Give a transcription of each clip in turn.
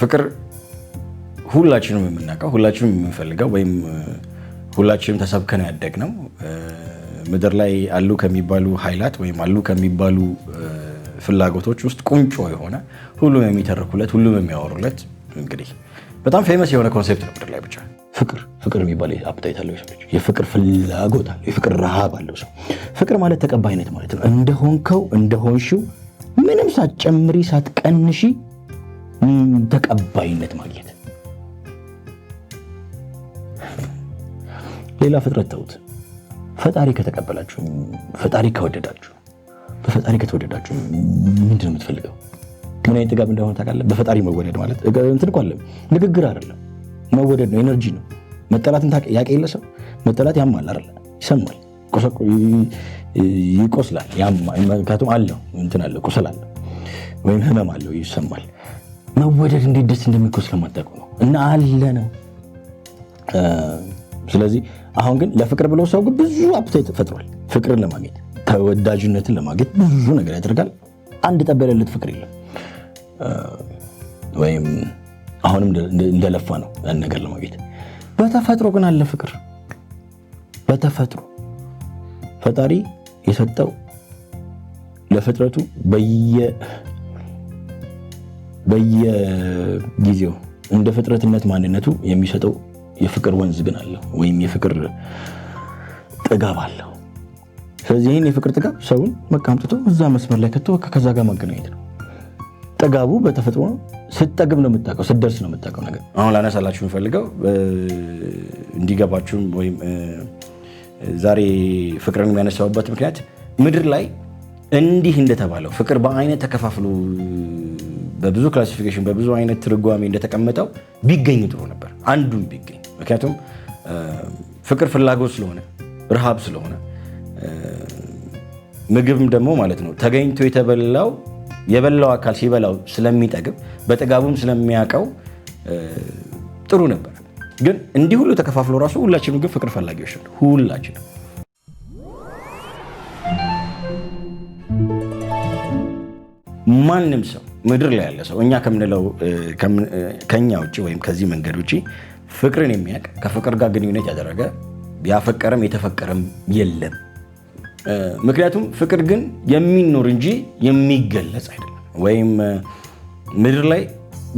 ፍቅር ሁላችንም የምናውቀው ሁላችንም የምንፈልገው ወይም ሁላችንም ተሰብከን ያደግ ነው። ምድር ላይ አሉ ከሚባሉ ኃይላት ወይም አሉ ከሚባሉ ፍላጎቶች ውስጥ ቁንጮ የሆነ ሁሉም የሚተርኩለት ሁሉም የሚያወሩለት እንግዲህ በጣም ፌመስ የሆነ ኮንሴፕት ነው ምድር ላይ ብቻ ፍቅር ፍቅር የሚባል አፕታይት አለው ሰው ልጅ የፍቅር ፍላጎት አለው የፍቅር ረሃብ አለው ሰው ፍቅር ማለት ተቀባይነት ማለት ነው እንደሆንከው እንደሆንሽው ምንም ሳትጨምሪ ሳትቀንሺ ተቀባይነት ማግኘት። ሌላ ፍጥረት ተውት። ፈጣሪ ከተቀበላችሁ፣ ፈጣሪ ከወደዳችሁ፣ በፈጣሪ ከተወደዳችሁ ምንድን ነው የምትፈልገው? ምን አይነት ጥጋብ እንደሆነ ታውቃለህ? በፈጣሪ መወደድ ማለት እንትን እኮ አለም ንግግር አይደለም፣ መወደድ ነው፣ ኤነርጂ ነው። መጠላትን ያቀ የለ ሰው መጠላት ያማል አይደለ? ይሰማል፣ ይቆስላል። ምክንያቱም አለው እንትን አለው ቁስል አለው ወይም ህመም አለው ይሰማል። መወደድ እንዴት ደስ እንደሚኮስ ስለማታውቁ ነው እና አለን። ስለዚህ አሁን ግን ለፍቅር ብለው ሰው ግን ብዙ አፕታይት ፈጥሯል። ፍቅርን ለማግኘት ተወዳጅነትን ለማግኘት ብዙ ነገር ያደርጋል። አንድ ጠብ የሌለት ፍቅር የለም። ወይም አሁንም እንደለፋ ነው ያን ነገር ለማግኘት። በተፈጥሮ ግን አለ ፍቅር በተፈጥሮ ፈጣሪ የሰጠው ለፍጥረቱ በየ በየጊዜው እንደ ፍጥረትነት ማንነቱ የሚሰጠው የፍቅር ወንዝ ግን አለው ወይም የፍቅር ጥጋብ አለው። ስለዚህ ይህን የፍቅር ጥጋብ ሰውን መቃምጥቶ እዛ መስመር ላይ ከቶ ከዛ ጋር ማገናኘት ነው። ጥጋቡ በተፈጥሮ ስጠግብ ነው የምታውቀው፣ ስደርስ ነው የምታውቀው ነገር። አሁን ላነሳላችሁ የምፈልገው እንዲገባችሁም ወይም ዛሬ ፍቅርን የሚያነሳውበት ምክንያት ምድር ላይ እንዲህ እንደተባለው ፍቅር በአይነት ተከፋፍሎ በብዙ ክላሲፊኬሽን በብዙ አይነት ትርጓሜ እንደተቀመጠው ቢገኝ ጥሩ ነበር፣ አንዱም ቢገኝ። ምክንያቱም ፍቅር ፍላጎት ስለሆነ ረሃብ ስለሆነ ምግብም ደግሞ ማለት ነው ተገኝቶ የተበላው የበላው አካል ሲበላው ስለሚጠግብ በጥጋቡም ስለሚያውቀው ጥሩ ነበር። ግን እንዲህ ሁሉ ተከፋፍሎ ራሱ ሁላችንም ግን ፍቅር ፈላጊዎች ነው ሁላችንም። ማንም ሰው ምድር ላይ ያለ ሰው እኛ ከምንለው ከኛ ውጭ ወይም ከዚህ መንገድ ውጭ ፍቅርን የሚያውቅ ከፍቅር ጋር ግንኙነት ያደረገ ያፈቀረም የተፈቀረም የለም። ምክንያቱም ፍቅር ግን የሚኖር እንጂ የሚገለጽ አይደለም ወይም ምድር ላይ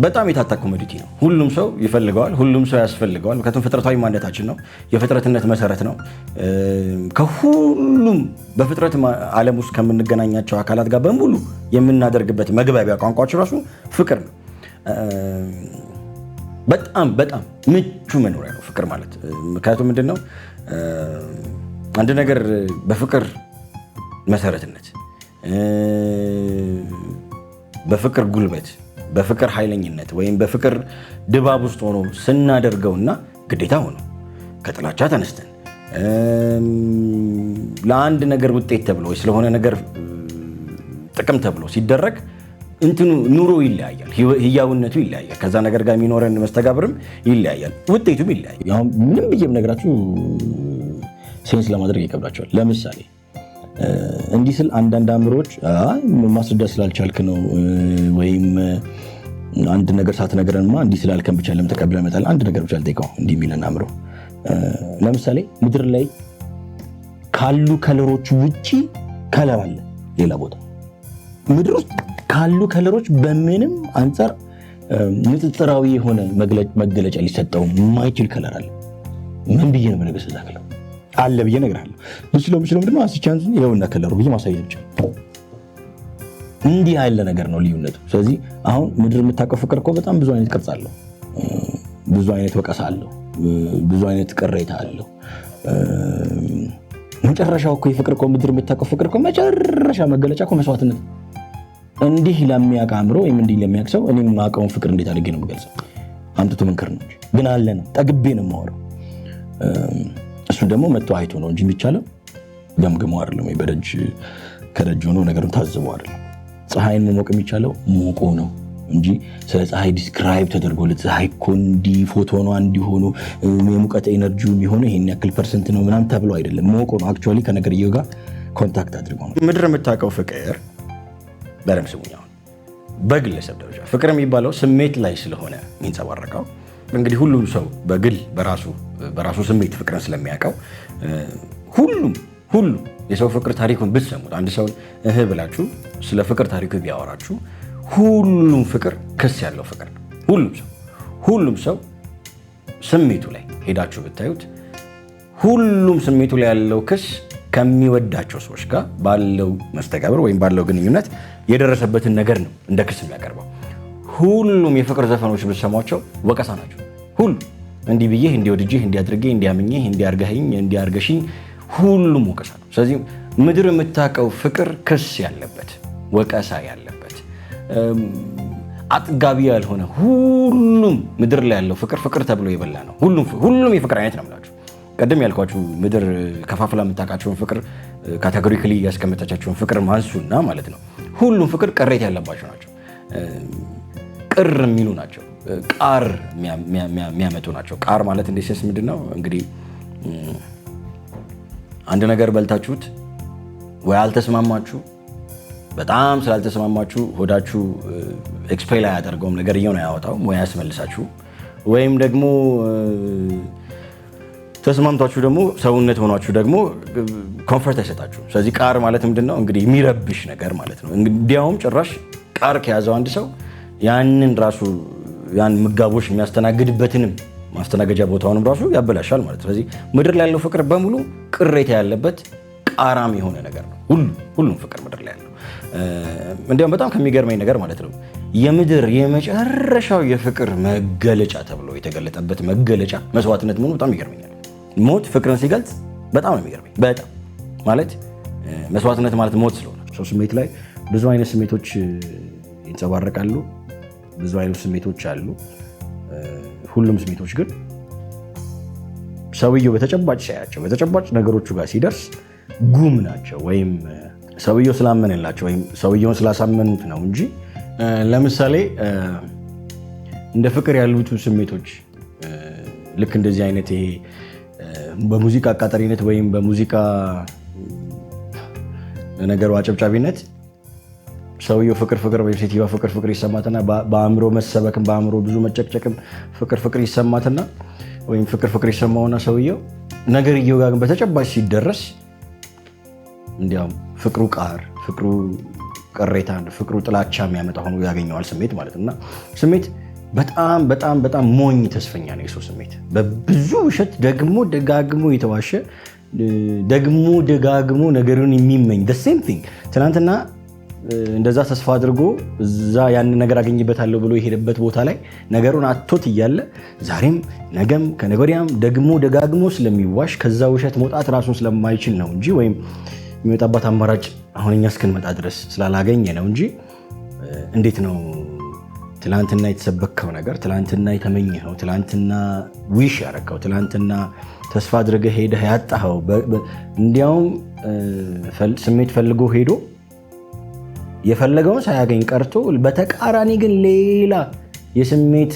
በጣም የታጣ ኮሞዲቲ ነው። ሁሉም ሰው ይፈልገዋል፣ ሁሉም ሰው ያስፈልገዋል። ምክንያቱም ፍጥረታዊ ማንነታችን ነው፣ የፍጥረትነት መሰረት ነው። ከሁሉም በፍጥረት ዓለም ውስጥ ከምንገናኛቸው አካላት ጋር በሙሉ የምናደርግበት መግባቢያ ቋንቋችን ራሱ ፍቅር ነው። በጣም በጣም ምቹ መኖሪያ ነው ፍቅር ማለት። ምክንያቱም ምንድን ነው አንድ ነገር በፍቅር መሰረትነት በፍቅር ጉልበት በፍቅር ኃይለኝነት ወይም በፍቅር ድባብ ውስጥ ሆኖ ስናደርገውና ግዴታ ሆኖ ከጥላቻ ተነስተን ለአንድ ነገር ውጤት ተብሎ ወይ ስለሆነ ነገር ጥቅም ተብሎ ሲደረግ እንትኑ ኑሮ ይለያያል፣ ህያውነቱ ይለያያል። ከዛ ነገር ጋር የሚኖረን መስተጋብርም ይለያያል፣ ውጤቱም ይለያያል። ምንም ብዬ ነገራችሁ ሴንስ ለማድረግ ይከብዳቸዋል። ለምሳሌ እንዲህ ስል አንዳንድ አእምሮዎች ማስረዳት ስላልቻልክ ነው ወይም አንድ ነገር ሳትነግረንማ እንዲህ ስላልከን ብቻ ለምን ተቀብለህ መጣል? አንድ ነገር ብቻ ልጠይቀው እንዲህ የሚለን አእምሮ ለምሳሌ ምድር ላይ ካሉ ከለሮች ውጪ ከለር አለ ሌላ ቦታ ምድር ውስጥ ካሉ ከለሮች በምንም አንጻር ንጽጽራዊ የሆነ መገለጫ ሊሰጠው የማይችል ከለር አለ። ምን ብዬ ነው የምነግርህ ስዛ አለ ብዬ እነግርሃለሁ። ልችለው የምችለው ምንድን ነው? አስቻንስ ይኸውና ከለሩ ብዬ ማሳያቸው እንዲህ ያለ ነገር ነው ልዩነቱ። ስለዚህ አሁን ምድር የምታውቀው ፍቅር እኮ በጣም ብዙ አይነት ቅርጽ አለው፣ ብዙ አይነት ወቀሳ አለው፣ ብዙ አይነት ቅሬታ አለው። መጨረሻው እኮ የፍቅር እኮ ምድር የምታውቀው ፍቅር እኮ መጨረሻ መገለጫ እኮ መስዋዕትነት። እንዲህ ለሚያውቅ አእምሮ ወይም እንዲህ ለሚያውቅ ሰው እኔ የማውቀውን ፍቅር እንዴት አድርጌ ነው የምገልጸው? አምጥቶ መንከር ነው ግን አለ ነው ጠግቤ ነው የማወራው እሱ ደግሞ መጥቶ አይቶ ነው እንጂ የሚቻለው ገምግሞ አይደለም ወይ በደጅ ከደጅ ሆኖ ነገሩን ታዝቦ አይደለም። ፀሐይን መሞቅ የሚቻለው ሞቆ ነው እንጂ ስለ ፀሐይ ዲስክራይብ ተደርጎለት ፀሐይ እኮ እንዲህ ፎቶኗ እንዲሆኑ የሙቀት ኤነርጂ የሚሆኑ ይሄን ያክል ፐርሰንት ነው ምናምን ተብሎ አይደለም። ሞቆ ነው አክቹዋሊ ከነገርየው ጋር ኮንታክት አድርጎ ነው። ምድር የምታውቀው ፍቅር በደምብ ስሙኝ። አሁን በግለሰብ ደረጃ ፍቅር የሚባለው ስሜት ላይ ስለሆነ የሚንጸባረቀው እንግዲህ ሁሉም ሰው በግል በራሱ በራሱ ስሜት ፍቅርን ስለሚያውቀው ሁሉም ሁሉም የሰው ፍቅር ታሪኩን ብትሰሙት አንድ ሰው እህ ብላችሁ ስለ ፍቅር ታሪኩ ቢያወራችሁ ሁሉም ፍቅር ክስ ያለው ፍቅር ነው። ሁሉም ሰው ሁሉም ሰው ስሜቱ ላይ ሄዳችሁ ብታዩት ሁሉም ስሜቱ ላይ ያለው ክስ ከሚወዳቸው ሰዎች ጋር ባለው መስተጋብር ወይም ባለው ግንኙነት የደረሰበትን ነገር ነው እንደ ክስ የሚያቀርበው። ሁሉም የፍቅር ዘፈኖች ብትሰሟቸው ወቀሳ ናቸው። ሁሉ እንዲህ ብዬህ እንዲወድጅህ እንዲያድርግህ እንዲያምኝህ እንዲያርገህኝ እንዲያርገሽኝ ሁሉም ወቀሳ ነው። ስለዚህ ምድር የምታውቀው ፍቅር ክስ ያለበት ወቀሳ ያለበት አጥጋቢ ያልሆነ ሁሉም ምድር ላይ ያለው ፍቅር ፍቅር ተብሎ የበላ ነው። ሁሉም የፍቅር አይነት ነው የምላችሁ። ቀደም ያልኳችሁ ምድር ከፋፍላ የምታውቃቸውን ፍቅር ካታጎሪክሊ ያስቀመጠቻቸውን ፍቅር ማንሱና ማለት ነው። ሁሉም ፍቅር ቀሬት ያለባቸው ናቸው። ቅር የሚሉ ናቸው። ቃር የሚያመጡ ናቸው። ቃር ማለት እንደ ሴስ ምንድን ነው እንግዲህ አንድ ነገር በልታችሁት ወይ አልተስማማችሁ፣ በጣም ስላልተስማማችሁ ሆዳችሁ ኤክስፔል አያደርገውም ነገር እየሆነ አያወጣውም ወይ አያስመልሳችሁ፣ ወይም ደግሞ ተስማምቷችሁ ደግሞ ሰውነት ሆኗችሁ ደግሞ ኮንፈርት አይሰጣችሁ። ስለዚህ ቃር ማለት ምንድን ነው እንግዲህ የሚረብሽ ነገር ማለት ነው። እንዲያውም ጭራሽ ቃር ከያዘው አንድ ሰው ያንን ራሱ ያን ምጋቦች የሚያስተናግድበትንም ማስተናገጃ ቦታውንም ራሱ ያበላሻል ማለት ነው። ስለዚህ ምድር ላይ ያለው ፍቅር በሙሉ ቅሬታ ያለበት ቃራም የሆነ ነገር ነው። ሁሉ ሁሉም ፍቅር ምድር ላይ ያለው እንዲያውም በጣም ከሚገርመኝ ነገር ማለት ነው የምድር የመጨረሻው የፍቅር መገለጫ ተብሎ የተገለጠበት መገለጫ መስዋዕትነት መሆኑ በጣም ይገርመኛል። ሞት ፍቅርን ሲገልጽ በጣም ነው የሚገርመኝ። በጣም ማለት መስዋዕትነት ማለት ሞት ስለሆነ ሰው ስሜት ላይ ብዙ አይነት ስሜቶች ይንጸባረቃሉ። ብዙ አይነት ስሜቶች አሉ። ሁሉም ስሜቶች ግን ሰውየው በተጨባጭ ሳያቸው በተጨባጭ ነገሮቹ ጋር ሲደርስ ጉም ናቸው ወይም ሰውየው ስላመንላቸው ወይም ሰውየውን ስላሳመኑት ነው እንጂ ለምሳሌ እንደ ፍቅር ያሉት ስሜቶች ልክ እንደዚህ አይነት ይሄ በሙዚቃ አቃጠሪነት ወይም በሙዚቃ ነገሩ አጨብጫቢነት ሰውየው ፍቅር ፍቅር ወይም ሴትዮዋ ፍቅር ፍቅር ይሰማትና በአእምሮ መሰበክም በአእምሮ ብዙ መጨቅጨቅም ፍቅር ፍቅር ይሰማትና ወይም ፍቅር ፍቅር ይሰማውና ሰውየው ነገርየው ጋር ግን በተጨባጭ ሲደረስ እንዲያውም ፍቅሩ ቃር ፍቅሩ ቅሬታ ፍቅሩ ጥላቻ የሚያመጣ ሆኖ ያገኘዋል ስሜት ማለት እና ስሜት በጣም በጣም በጣም ሞኝ ተስፈኛ ነው የሰው ስሜት በብዙ ውሸት ደግሞ ደጋግሞ የተዋሸ ደግሞ ደጋግሞ ነገሩን የሚመኝ ሴም ቲንግ ትናንትና እንደዛ ተስፋ አድርጎ እዛ ያንን ነገር አገኝበታለሁ ብሎ የሄደበት ቦታ ላይ ነገሩን አቶት እያለ ዛሬም ነገም ከነገ ወዲያም ደግሞ ደጋግሞ ስለሚዋሽ ከዛ ውሸት መውጣት ራሱን ስለማይችል ነው እንጂ ወይም የሚወጣባት አማራጭ አሁንኛ እስክንመጣ ድረስ ስላላገኘ ነው እንጂ እንዴት ነው ትላንትና የተሰበከው ነገር፣ ትላንትና የተመኘኸው፣ ትላንትና ዊሽ ያረከው፣ ትላንትና ተስፋ አድርገህ ሄደህ ያጣኸው፣ እንዲያውም ስሜት ፈልጎ ሄዶ የፈለገውን ሳያገኝ ቀርቶ በተቃራኒ ግን ሌላ የስሜት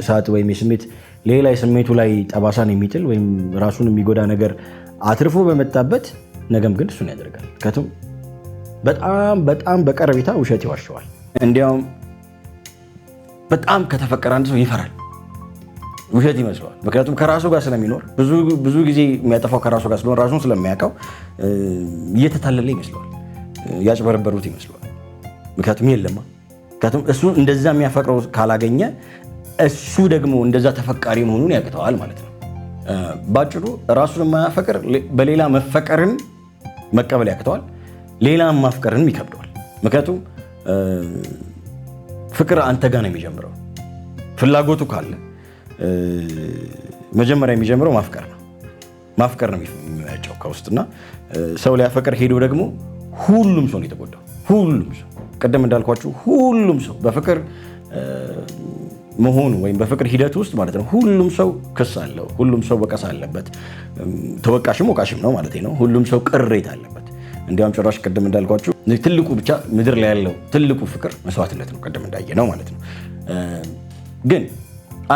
እሳት ወይም የስሜት ሌላ የስሜቱ ላይ ጠባሳን የሚጥል ወይም ራሱን የሚጎዳ ነገር አትርፎ በመጣበት ነገም ግን እሱን ያደርጋል። ከቱም በጣም በጣም በቀረቤታ ውሸት ይዋሸዋል። እንዲያውም በጣም ከተፈቀረ አንድ ሰው ይፈራል፣ ውሸት ይመስለዋል። ምክንያቱም ከራሱ ጋር ስለሚኖር ብዙ ጊዜ የሚያጠፋው ከራሱ ጋር ስለሆነ ራሱን ስለሚያውቀው እየተታለለ ይመስለዋል። ያጭበረበሩት ይመስለዋል። ምክንያቱም የለማ ምክንያቱም እሱ እንደዛ የሚያፈቅረው ካላገኘ እሱ ደግሞ እንደዛ ተፈቃሪ መሆኑን ያቅተዋል ማለት ነው። ባጭሩ ራሱን የማያፈቅር በሌላ መፈቀርን መቀበል ያቅተዋል፣ ሌላ ማፍቀርንም ይከብደዋል። ምክንያቱም ፍቅር አንተ ጋር ነው የሚጀምረው። ፍላጎቱ ካለ መጀመሪያ የሚጀምረው ማፍቀር ነው። ማፍቀር ነው የሚመያጨው ከውስጥና ሰው ሊያፈቅር ሄዶ ደግሞ ሁሉም ሰው ነው የተጎዳው። ሁሉም ሰው ቅድም እንዳልኳችሁ ሁሉም ሰው በፍቅር መሆኑ ወይም በፍቅር ሂደት ውስጥ ማለት ነው። ሁሉም ሰው ክስ አለው። ሁሉም ሰው ወቀሳ አለበት። ተወቃሽም ወቃሽም ነው ማለት ነው። ሁሉም ሰው ቅሬት አለበት። እንዲያውም ጭራሽ ቅድም እንዳልኳችሁ ትልቁ ብቻ ምድር ላይ ያለው ትልቁ ፍቅር መስዋዕትነት ነው። ቅድም እንዳየ ነው ማለት ነው። ግን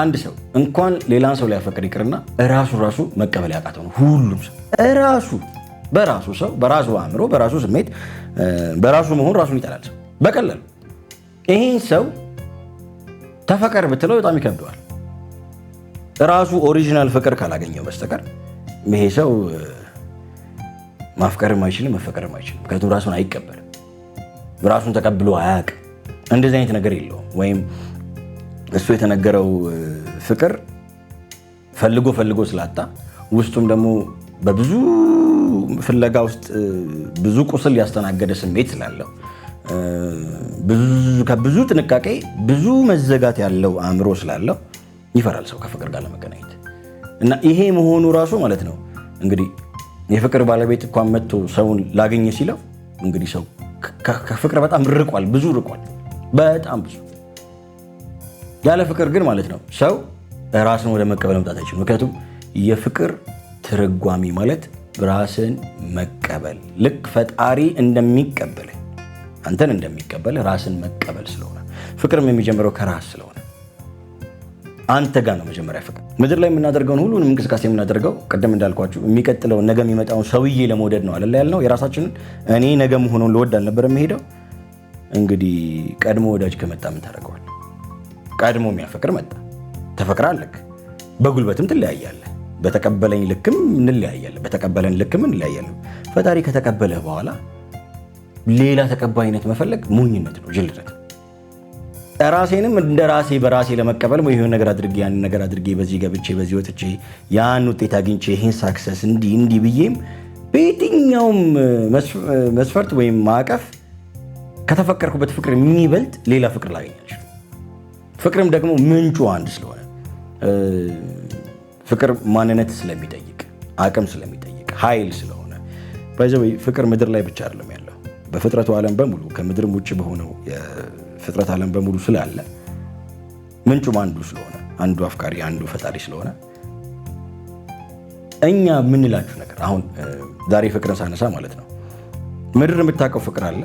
አንድ ሰው እንኳን ሌላን ሰው ሊያፈቅር ይቅርና እራሱ ራሱ መቀበል ያቃተው ነው። ሁሉም ሰው እራሱ በራሱ ሰው በራሱ አእምሮ በራሱ ስሜት በራሱ መሆን ራሱን ይጠላል። ሰው በቀላሉ ይህን ሰው ተፈቀር ብትለው በጣም ይከብደዋል። ራሱ ኦሪጂናል ፍቅር ካላገኘው በስተቀር ይሄ ሰው ማፍቀርም አይችልም፣ መፈቀርም አይችልም። ምክንያቱም ራሱን አይቀበልም፣ ራሱን ተቀብሎ አያውቅም። እንደዚህ አይነት ነገር የለውም። ወይም እሱ የተነገረው ፍቅር ፈልጎ ፈልጎ ስላጣ ውስጡም ደግሞ በብዙ ፍለጋ ውስጥ ብዙ ቁስል ያስተናገደ ስሜት ስላለው ከብዙ ጥንቃቄ ብዙ መዘጋት ያለው አእምሮ ስላለው ይፈራል ሰው ከፍቅር ጋር ለመገናኘት እና ይሄ መሆኑ ራሱ ማለት ነው እንግዲህ የፍቅር ባለቤት እንኳን መጥቶ ሰውን ላገኘ ሲለው እንግዲህ ሰው ከፍቅር በጣም ርቋል፣ ብዙ ርቋል፣ በጣም ብዙ። ያለ ፍቅር ግን ማለት ነው ሰው ራስን ወደ መቀበል መምጣት አይችልም። ምክንያቱም የፍቅር ትርጓሜ ማለት ራስን መቀበል ልክ ፈጣሪ እንደሚቀበል አንተን እንደሚቀበል ራስን መቀበል ስለሆነ ፍቅርም የሚጀምረው ከራስ ስለሆነ አንተ ጋር ነው መጀመሪያ ፍቅር። ምድር ላይ የምናደርገውን ሁሉንም እንቅስቃሴ የምናደርገው ቅድም እንዳልኳችሁ የሚቀጥለውን ነገ የሚመጣውን ሰውዬ ለመውደድ ነው አለ ያልነው። የራሳችንን እኔ ነገ መሆኑን ልወድ አልነበር የሚሄደው። እንግዲህ ቀድሞ ወዳጅ ከመጣ ምን ታደርገዋል? ቀድሞ የሚያፈቅር መጣ፣ ተፈቅራለህ፣ በጉልበትም ትለያያለ። በተቀበለኝ ልክም እንለያያለን፣ በተቀበለን ልክም እንለያያለን። ፈጣሪ ከተቀበለህ በኋላ ሌላ ተቀባይነት መፈለግ ሞኝነት ነው፣ ጅልነት። ራሴንም እንደ ራሴ በራሴ ለመቀበል የሆነ ነገር አድርጌ ያን ነገር አድርጌ በዚህ ገብቼ በዚህ ወጥቼ ያን ውጤት አግኝቼ ይህን ሳክሰስ እንዲህ እንዲህ ብዬም በየትኛውም መስፈርት ወይም ማዕቀፍ ከተፈቀርኩበት ፍቅር የሚበልጥ ሌላ ፍቅር ላገኛችሁ። ፍቅርም ደግሞ ምንጩ አንድ ስለሆነ ፍቅር ማንነት ስለሚጠይቅ አቅም ስለሚጠይቅ ኃይል ስለሆነ ባይዘው ፍቅር ምድር ላይ ብቻ አይደለም ያለው በፍጥረቱ ዓለም በሙሉ ከምድርም ውጭ በሆነው የፍጥረት ዓለም በሙሉ ስላለ ምንጩም አንዱ ስለሆነ አንዱ አፍቃሪ አንዱ ፈጣሪ ስለሆነ እኛ የምንላችሁ ነገር አሁን ዛሬ ፍቅርን ሳነሳ ማለት ነው ምድር የምታውቀው ፍቅር አለ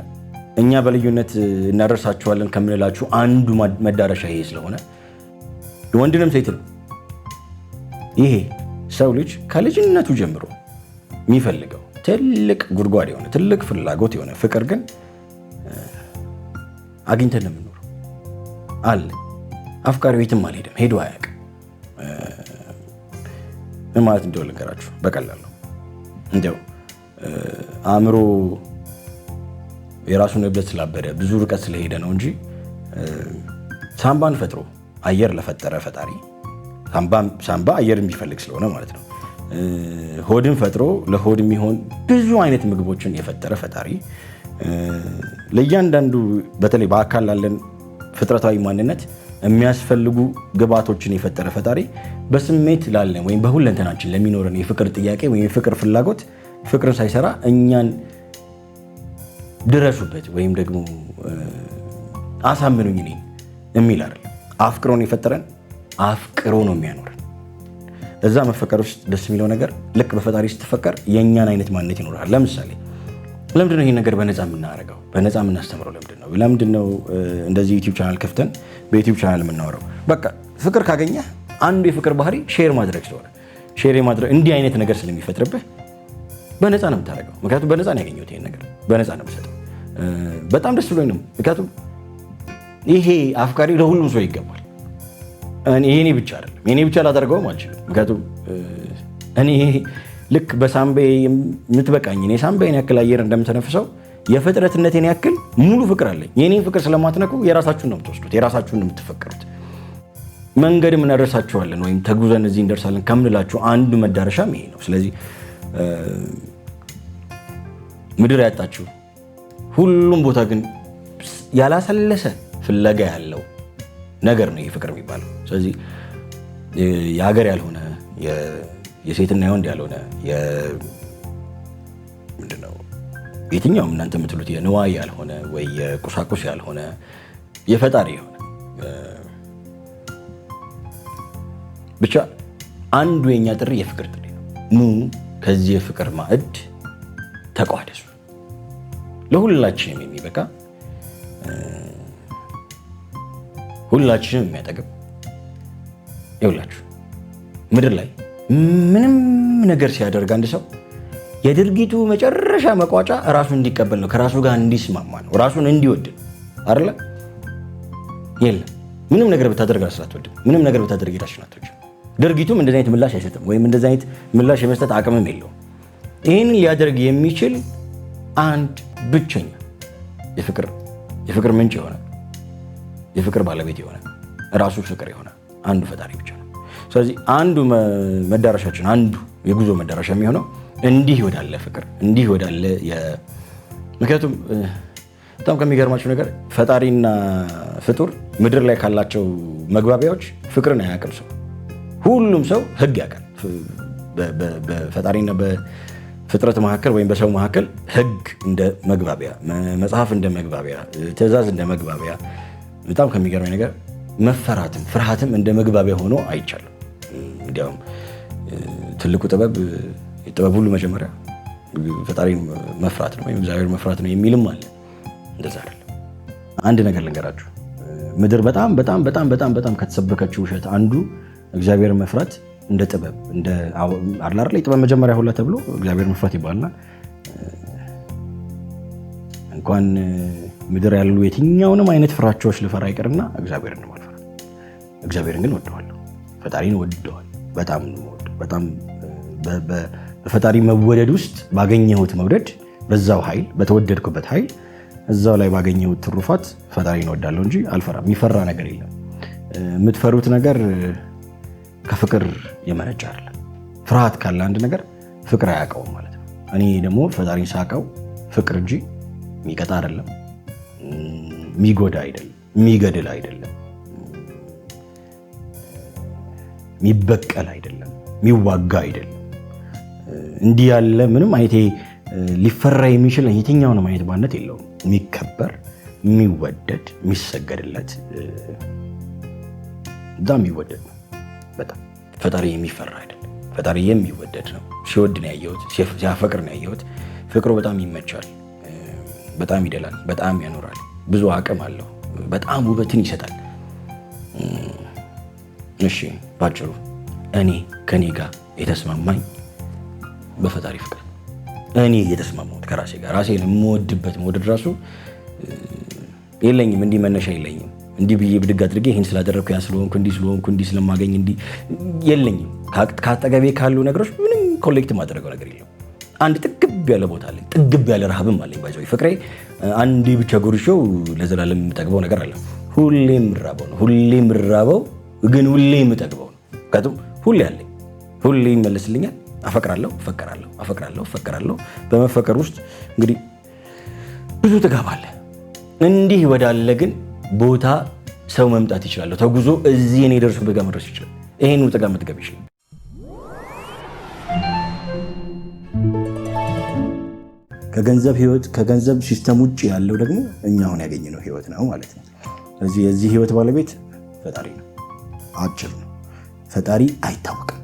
እኛ በልዩነት እናደርሳችኋለን ከምንላችሁ አንዱ መዳረሻ ይሄ ስለሆነ ወንድንም ሴትንም ይሄ ሰው ልጅ ከልጅነቱ ጀምሮ የሚፈልገው ትልቅ ጉድጓድ የሆነ ትልቅ ፍላጎት የሆነ ፍቅር ግን አግኝተን ነው የምንኖረው። አለ አፍቃሪ ቤትም አልሄደም፣ ሄዶ አያውቅም። ማለት እንደው ልንገራችሁ በቀላሉ እንዲያው አእምሮ የራሱን እብደት ስላበደ ብዙ ርቀት ስለሄደ ነው እንጂ ሳምባን ፈጥሮ አየር ለፈጠረ ፈጣሪ ሳምባ አየር የሚፈልግ ስለሆነ ማለት ነው። ሆድን ፈጥሮ ለሆድ የሚሆን ብዙ አይነት ምግቦችን የፈጠረ ፈጣሪ ለእያንዳንዱ በተለይ በአካል ላለን ፍጥረታዊ ማንነት የሚያስፈልጉ ግብዓቶችን የፈጠረ ፈጣሪ በስሜት ላለን ወይም በሁለንተናችን ለሚኖረን የፍቅር ጥያቄ ወይም የፍቅር ፍላጎት ፍቅርን ሳይሰራ እኛን ድረሱበት ወይም ደግሞ አሳምኑኝ እኔን የሚል አይደለም። አፍቅሮን የፈጠረን አፍቅሮ ነው የሚያኖር። እዛ መፈቀር ውስጥ ደስ የሚለው ነገር ልክ በፈጣሪ ስትፈቀር የእኛን አይነት ማንነት ይኖራል። ለምሳሌ ነው ይሄን ነገር በነፃ የምናደርገው? በነፃ የምናስተምረው ለምንድን ነው? ለምንድን ነው እንደዚህ ዩቲዩብ ቻናል ከፍተን በዩቲዩብ ቻናል የምናወረው በቃ ፍቅር ካገኘህ አንዱ የፍቅር ባህሪ ሼር ማድረግ ስለሆነ ሼር ማድረግ እንዲህ አይነት ነገር ስለሚፈጥርብህ በነፃ ነው የምታደርገው። ምክንያቱም በነፃ ነው ያገኘሁት ይሄን ነገር በነፃ ነው የምሰጠው። በጣም ደስ ብሎኝ ነው። ምክንያቱም ይሄ አፍቃሪ ለሁሉም ሰው ይገባል። ይሄኔ ብቻ አይደለም፣ እኔ ብቻ ላደርገውም አልችልም። ምክንያቱም እኔ ልክ በሳምቤ የምትበቃኝ እኔ ሳምባዬን ያክል አየር እንደምተነፍሰው የፍጥረትነቴን ያክል ሙሉ ፍቅር አለኝ። የኔን ፍቅር ስለማትነኩ የራሳችሁን ነው የምትወስዱት፣ የራሳችሁን ነው የምትፈቅሩት። መንገድም እናደርሳችኋለን ወይም ተጉዘን እዚህ እንደርሳለን ከምንላችሁ አንዱ መዳረሻም ይሄ ነው። ስለዚህ ምድር ያጣችሁ ሁሉም ቦታ ግን ያላሰለሰ ፍለጋ ያለው ነገር ነው ይህ ፍቅር የሚባለው። ስለዚህ የሀገር ያልሆነ የሴትና የወንድ ያልሆነ ምንድነው የትኛውም እናንተ የምትሉት የንዋይ ያልሆነ ወይ የቁሳቁስ ያልሆነ የፈጣሪ የሆነ ብቻ አንዱ የኛ ጥሪ የፍቅር ጥሪ ነው። ኑ ከዚህ የፍቅር ማዕድ ተቋደሱ። ለሁላችንም የሚበቃ ሁላችንም የሚያጠግብ ይውላችሁ ምድር ላይ ምንም ነገር ሲያደርግ አንድ ሰው የድርጊቱ መጨረሻ መቋጫ ራሱን እንዲቀበል ነው። ከራሱ ጋር እንዲስማማ ነው። ራሱን እንዲወድ ነው አይደለ? የለም ምንም ነገር ብታደርግ ራስን አትወድም። ምንም ነገር ብታደርግ ራስን አትወድም። ድርጊቱም እንደዚህ አይነት ምላሽ አይሰጥም፣ ወይም እንደዚህ አይነት ምላሽ የመስጠት አቅምም የለውም። ይህንን ሊያደርግ የሚችል አንድ ብቸኛ የፍቅር የፍቅር ምንጭ የሆነ የፍቅር ባለቤት የሆነ ራሱ ፍቅር የሆነ አንዱ ፈጣሪ ብቻ ነው። ስለዚህ አንዱ መዳረሻችን አንዱ የጉዞ መዳረሻ የሚሆነው እንዲህ ወዳለ ፍቅር እንዲህ ወዳለ ምክንያቱም በጣም ከሚገርማቸው ነገር ፈጣሪና ፍጡር ምድር ላይ ካላቸው መግባቢያዎች ፍቅርን አያውቅም ሰው። ሁሉም ሰው ህግ ያውቃል። በፈጣሪና በፍጥረት መካከል ወይም በሰው መካከል ህግ እንደ መግባቢያ፣ መጽሐፍ እንደ መግባቢያ፣ ትእዛዝ እንደ መግባቢያ በጣም ከሚገርመኝ ነገር መፈራትም ፍርሃትም እንደ መግባቢያ ሆኖ አይቻልም። እንዲያውም ትልቁ ጥበብ የጥበብ ሁሉ መጀመሪያ ፈጣሪ መፍራት ነው ወይም እግዚአብሔር መፍራት ነው የሚልም አለ። እንደዛ አይደለም። አንድ ነገር ልንገራችሁ። ምድር በጣም በጣም በጣም በጣም በጣም ከተሰበከችው ውሸት አንዱ እግዚአብሔር መፍራት እንደ ጥበብ እንደ አላር ላይ ጥበብ መጀመሪያ ሁላ ተብሎ እግዚአብሔር መፍራት ይባልና እንኳን ምድር ያሉ የትኛውንም አይነት ፍራቻዎች ልፈራ ይቅርና እግዚአብሔር ነው እግዚአብሔርን ግን ወደዋለሁ። ፈጣሪን ወደዋል። በጣም በጣም በፈጣሪ መወደድ ውስጥ ባገኘሁት መውደድ፣ በዛው ኃይል በተወደድኩበት ኃይል እዛው ላይ ባገኘሁት ትሩፋት ፈጣሪን ወዳለሁ እንጂ አልፈራ የሚፈራ ነገር የለም። የምትፈሩት ነገር ከፍቅር የመረጫ አይደለም። ፍርሃት ካለ አንድ ነገር ፍቅር አያውቀውም ማለት ነው። እኔ ደግሞ ፈጣሪን ሳውቀው ፍቅር እንጂ የሚቀጣ አይደለም፣ የሚጎዳ አይደለም፣ የሚገድል አይደለም የሚበቀል አይደለም፣ የሚዋጋ አይደለም። እንዲህ ያለ ምንም አይቴ ሊፈራ የሚችል የትኛውንም አይነት ማነት የለውም። የሚከበር የሚወደድ የሚሰገድለት በጣም የሚወደድ ነው። በጣም ፈጣሪ የሚፈራ አይደለም። ፈጣሪ የሚወደድ ነው። ሲወድ ነው ያየሁት፣ ሲያፈቅር ነው ያየሁት። ፍቅሩ በጣም ይመቻል፣ በጣም ይደላል፣ በጣም ያኖራል። ብዙ አቅም አለው። በጣም ውበትን ይሰጣል። እሺ ባጭሩ እኔ ከኔ ጋር የተስማማኝ በፈጣሪ ፍቅር እኔ የተስማማሁት ከራሴ ጋር ራሴን የምወድበት መውደድ ራሱ የለኝም። እንዲህ መነሻ የለኝም። እንዲህ ብዬ ብድግ አድርጌ ይህን ስላደረግኩ ያን ስለሆንኩ እንዲህ ስለሆንኩ እንዲህ ስለማገኝ እንዲህ የለኝም። ከአጠገቤ ካሉ ነገሮች ምንም ኮሌክት ማድረገው ነገር የለም። አንድ ጥግብ ያለ ቦታ አለኝ፣ ጥግብ ያለ ረሃብም አለኝ። ባይዘ ፍቅሬ አንዴ ብቻ ጎርሾው ለዘላለም የምጠግበው ነገር አለ። ሁሌ ራበው ነው፣ ሁሌ ራበው ግን ሁሌ የምጠግበው ነው። ምክንያቱም ሁሌ አለኝ፣ ሁሌ ይመለስልኛል። አፈቅራለሁ፣ እፈቀራለሁ፣ አፈቅራለሁ፣ እፈቀራለሁ። በመፈቀር ውስጥ እንግዲህ ብዙ ጥጋብ አለ። እንዲህ ወዳለ ግን ቦታ ሰው መምጣት ይችላል። ተጉዞ እዚህ እኔ ደርሱበት ጋር መድረስ ይችላል። ይሄን ጥጋብ መጥገብ ይችላል። ከገንዘብ ህይወት ከገንዘብ ሲስተም ውጭ ያለው ደግሞ እኛ አሁን ያገኘነው ህይወት ነው ማለት ነው። ስለዚህ የዚህ ህይወት ባለቤት ፈጣሪ ነው። አጭር ነው። ፈጣሪ አይታወቅም።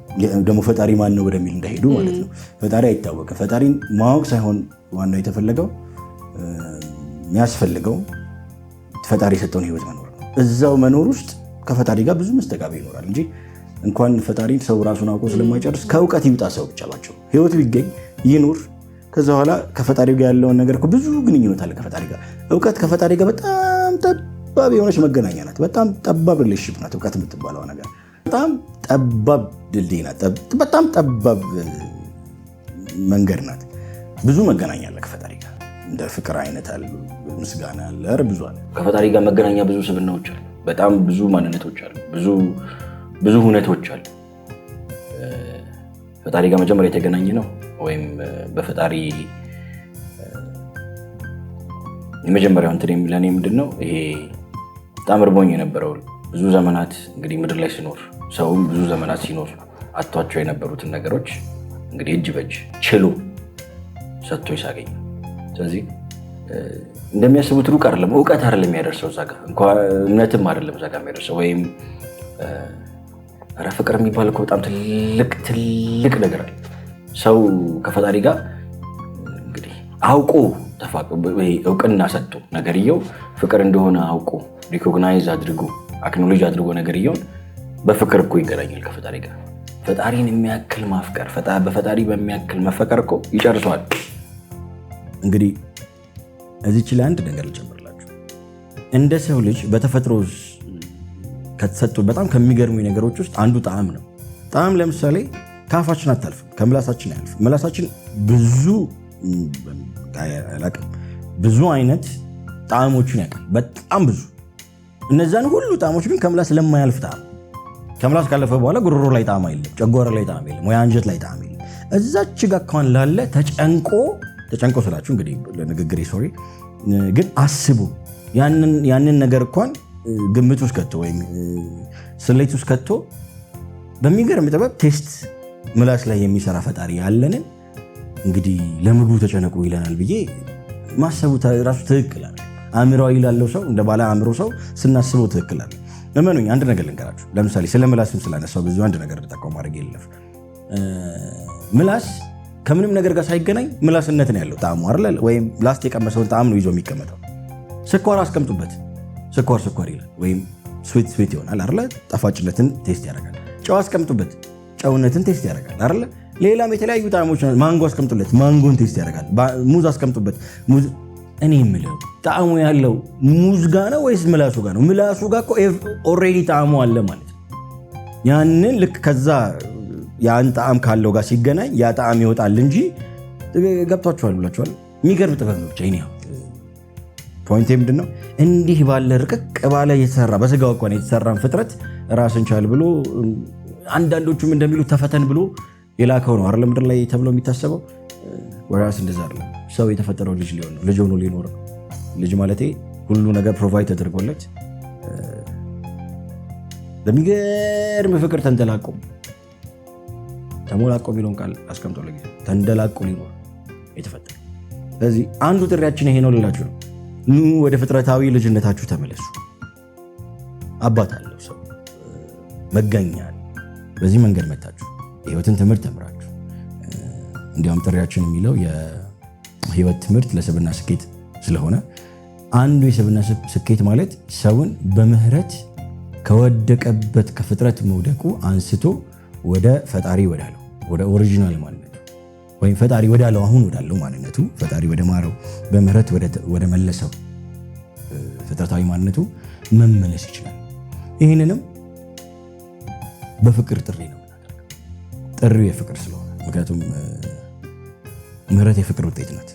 ደግሞ ፈጣሪ ማን ነው ወደሚል እንዳይሄዱ ማለት ነው። ፈጣሪ አይታወቅም። ፈጣሪን ማወቅ ሳይሆን ዋናው የተፈለገው የሚያስፈልገው ፈጣሪ የሰጠውን ህይወት መኖር ነው። እዛው መኖር ውስጥ ከፈጣሪ ጋር ብዙ መስተጋቢ ይኖራል እንጂ እንኳን ፈጣሪ ሰው ራሱን አውቆ ስለማይጨርስ ከእውቀት ይውጣ ሰው ብቻ ናቸው። ህይወት ቢገኝ ይኑር። ከዛ በኋላ ከፈጣሪ ጋር ያለውን ነገር ብዙ ግንኙነት አለ ከፈጣሪ ጋር እውቀት ከፈጣሪ ጋር በጣም ጠባብ የሆነች መገናኛ ናት። በጣም ጠባብ ሪሌሽንሺፕ ናት ጥብቀት የምትባለው ነገር። በጣም ጠባብ ድልድይ ናት። በጣም ጠባብ መንገድ ናት። ብዙ መገናኛ አለ ከፈጣሪ ጋር እንደ ፍቅር አይነት አለ፣ ምስጋና አለ፣ ኧረ ብዙ አለ። ከፈጣሪ ጋር መገናኛ ብዙ ስብናዎች አሉ። በጣም ብዙ ማንነቶች አሉ። ብዙ ብዙ ሁነቶች አሉ። ፈጣሪ ጋር መጀመሪያ የተገናኘ ነው ወይም በፈጣሪ የመጀመሪያው እንትን ለእኔ ምንድን ነው ይሄ በጣም እርቦኝ የነበረው ብዙ ዘመናት እንግዲህ ምድር ላይ ሲኖር ሰውም ብዙ ዘመናት ሲኖር አጥቷቸው የነበሩትን ነገሮች እንግዲህ እጅ በእጅ ችሎ ሰጥቶኝ ሳገኝ፣ ስለዚህ እንደሚያስቡት ሩቅ አይደለም፣ እውቀት አይደለም የሚያደርሰው እዛ ጋ እንኳ እምነትም አይደለም እዛ ጋ የሚያደርሰው ወይም ኧረ ፍቅር የሚባል እኮ በጣም ትልቅ ትልቅ ነገር አለ። ሰው ከፈጣሪ ጋር እንግዲህ አውቆ እውቅና ሰጥቶ ነገርየው ፍቅር እንደሆነ አውቆ ሪኮግናይዝ አድርጎ አክኖሎጂ አድርጎ ነገርየውን በፍቅር እኮ ይገናኛል ከፈጣሪ ጋር። ፈጣሪን የሚያክል ማፍቀር በፈጣሪ በሚያክል መፈቀር እኮ ይጨርሷል። እንግዲህ እዚች ላይ አንድ ነገር ልጨምርላችሁ። እንደ ሰው ልጅ በተፈጥሮ ከተሰጡ በጣም ከሚገርሙ ነገሮች ውስጥ አንዱ ጣዕም ነው። ጣዕም ለምሳሌ ከአፋችን አታልፍም፣ ከምላሳችን አያልፍም። ምላሳችን ብዙ ብዙ አይነት ጣዕሞችን ያውቃል። በጣም ብዙ እነዛን ሁሉ ጣዕሞች ግን ከምላስ ለማያልፍ ጣዕም ከምላስ ካለፈ በኋላ ጉሮሮ ላይ ጣዕም የለም፣ ጨጓራ ላይ ጣዕም የለም፣ ወይ አንጀት ላይ ጣዕም የለም። እዛች ጋ እንኳን ላለ ተጨንቆ ተጨንቆ ስላችሁ እንግዲህ ለንግግሬ ሶሪ፣ ግን አስቡ ያንን ነገር እንኳን ግምት ውስጥ ከቶ ወይም ስሌት ውስጥ ከቶ በሚገርም ጥበብ ቴስት ምላስ ላይ የሚሰራ ፈጣሪ ያለንን እንግዲህ ለምግቡ ተጨነቁ ይለናል ብዬ ማሰቡ ራሱ ትክክል አለ። አእምሯዊ ላለው ሰው እንደ ባለ አእምሮ ሰው ስናስበው ትክክል አለ። እመኑኝ፣ አንድ ነገር ልንገራችሁ። ለምሳሌ ስለ ምላስም ስላነሳው ብዙ አንድ ነገር ልጠቀሙ ማድረግ የለፍ ምላስ ከምንም ነገር ጋር ሳይገናኝ ምላስነት ነው ያለው ጣዕሙ አይደል? ወይም ላስት የቀመሰውን ጣዕም ነው ይዞ የሚቀመጠው። ስኳር አስቀምጡበት፣ ስኳር ስኳር ይላል፣ ወይም ስዊት ስዊት ይሆናል አይደል? ጣፋጭነትን ቴስት ያደርጋል። ጨው አስቀምጡበት፣ ጨውነትን ቴስት ያደርጋል አይደል? ሌላም የተለያዩ ጣዕሞች ማንጎ አስቀምጡለት፣ ማንጎን ቴስት ያደርጋል። ሙዝ አስቀምጡበት። እኔ የምለው ጣዕሙ ያለው ሙዝ ጋ ነው ወይስ ምላሱ ጋ ነው? ምላሱ ጋ እኮ ኦልሬዲ ጣዕሙ አለ ማለት ያንን ልክ ከዛ ያን ጣዕም ካለው ጋር ሲገናኝ ያ ጣዕም ይወጣል እንጂ ገብቷችኋል ብላችኋል። የሚገርም ጥበብ ነው። ብቻ ይኔ ፖይንቴ ምንድን ነው? እንዲህ ባለ ርቅቅ ባለ የተሰራ በስጋ ወቋን የተሰራን ፍጥረት ራስን ቻል ብሎ አንዳንዶቹም እንደሚሉ ተፈተን ብሎ የላከው ነው አይደል? ምድር ላይ ተብሎ የሚታሰበው ወራስ እንደዛ አለ። ሰው የተፈጠረው ልጅ ሊሆን ነው፣ ልጅ ሆኖ ሊኖር ነው። ልጅ ማለት ሁሉ ነገር ፕሮቫይድ ተደርጎለት በሚገርም ፍቅር ተንደላቆ ተሞላቆ የሚለውን ቃል አስቀምጦ ለጊዜ ተንደላቆ ሊኖር የተፈጠረ። ስለዚህ አንዱ ጥሪያችን ይሄ ነው ልላችሁ ነው። ኑ ወደ ፍጥረታዊ ልጅነታችሁ ተመለሱ። አባት አለው ሰው መገኛል። በዚህ መንገድ መታችሁ የህይወትን ትምህርት ተምራችሁ እንዲያውም ጥሪያችን የሚለው የህይወት ትምህርት ለስብዕና ስኬት ስለሆነ አንዱ የሰብና ስኬት ማለት ሰውን በምህረት ከወደቀበት ከፍጥረት መውደቁ አንስቶ ወደ ፈጣሪ ወዳለው ወደ ኦሪጂናል ማንነቱ ወይም ፈጣሪ ወዳለው አሁን ወዳለው ማንነቱ ፈጣሪ ወደ ማረው በምህረት ወደ መለሰው ፍጥረታዊ ማንነቱ መመለስ ይችላል። ይህንንም በፍቅር ጥሪ ነው ጥሪው የፍቅር ስለሆነ ምክንያቱም ምህረት የፍቅር ውጤት ናት።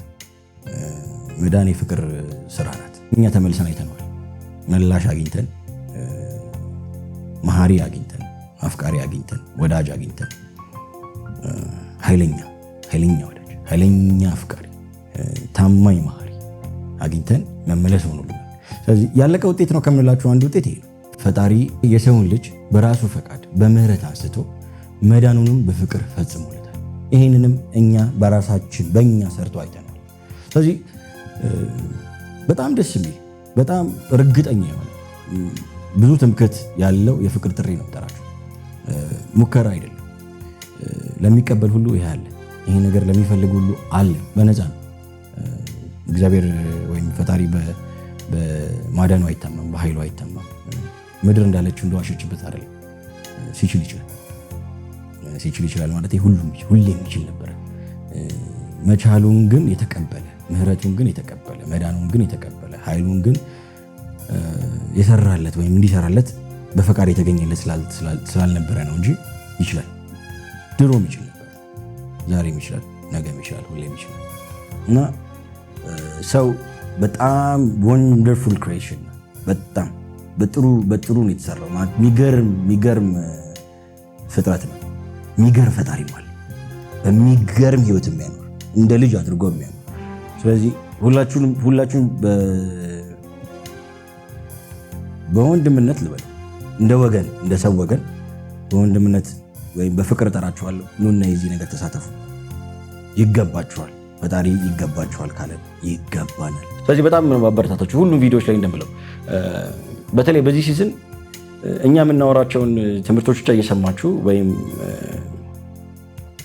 መዳን የፍቅር ስራ ናት። እኛ ተመልሰን አይተነዋል። መላሽ አግኝተን መሀሪ አግኝተን አፍቃሪ አግኝተን ወዳጅ አግኝተን ኃይለኛ ኃይለኛ ወዳጅ ኃይለኛ አፍቃሪ ታማኝ መሀሪ አግኝተን መመለስ ሆኖልናል። ስለዚህ ያለቀ ውጤት ነው ከምንላቸው አንድ ውጤት ይሄ ነው። ፈጣሪ የሰውን ልጅ በራሱ ፈቃድ በምህረት አንስቶ መዳኑንም በፍቅር ፈጽሞለታል። ይህንንም እኛ በራሳችን በእኛ ሰርቶ አይተናል። ስለዚህ በጣም ደስ የሚል በጣም እርግጠኛ የሆነ ብዙ ትምክት ያለው የፍቅር ጥሪ ነው። ጠራችሁ ሙከራ አይደለም። ለሚቀበል ሁሉ ይሄ አለ፣ ይህ ነገር ለሚፈልግ ሁሉ አለ። በነፃ ነው። እግዚአብሔር ወይም ፈጣሪ በማዳኑ አይታማም፣ በኃይሉ አይታማም። ምድር እንዳለችው እንደዋሸችበት አይደለም፣ ሲችል ይችላል። ይችል ይችላል ማለት ሁሉም ሁሌ ይችል ነበረ። መቻሉን ግን የተቀበለ ምህረቱን ግን የተቀበለ መዳኑን ግን የተቀበለ ኃይሉን ግን የሰራለት ወይም እንዲሰራለት በፈቃድ የተገኘለት ስላልነበረ ነው እንጂ ይችላል። ድሮም ይችል ነበር፣ ዛሬም ይችላል፣ ነገም ይችላል፣ ሁሌም ይችላል እና ሰው በጣም ወንደርፉል ክሬሽን ነው። በጣም በጥሩ በጥሩ ነው የተሰራው። የሚገርም የሚገርም ፍጥረት ነው። የሚገርም ፈጣሪ ማለት በሚገርም ህይወት የሚያኖር እንደ ልጅ አድርጎ የሚያኖር ስለዚህ ሁላችሁን በወንድምነት ልበል እንደ ወገን እንደ ሰው ወገን በወንድምነት ወይም በፍቅር እጠራችኋለሁ። ኑና የዚህ ነገር ተሳተፉ። ይገባችኋል፣ ፈጣሪ ይገባችኋል ካለ ይገባናል። ስለዚህ በጣም ማበረታታችሁ ሁሉም ቪዲዮዎች ላይ እንደምለው በተለይ በዚህ ሲዝን እኛ የምናወራቸውን ትምህርቶች ብቻ እየሰማችሁ ወይም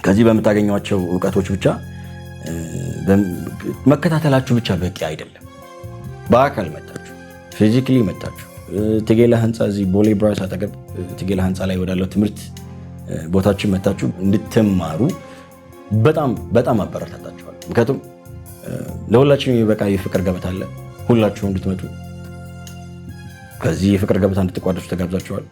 ከዚህ በምታገኟቸው እውቀቶች ብቻ መከታተላችሁ ብቻ በቂ አይደለም። በአካል መጣችሁ፣ ፊዚክሊ መጣችሁ። ትጌላ ህንፃ እዚህ ቦሌ ብራስ አጠገብ ትጌላ ህንፃ ላይ ወዳለው ትምህርት ቦታችን መታችሁ እንድትማሩ በጣም በጣም አበረታታችኋል። ምክንያቱም ለሁላችን የበቃ የፍቅር ገበታ አለ። ሁላችሁ እንድትመጡ ከዚህ የፍቅር ገበታ እንድትቋደሱ ተጋብዛችኋል።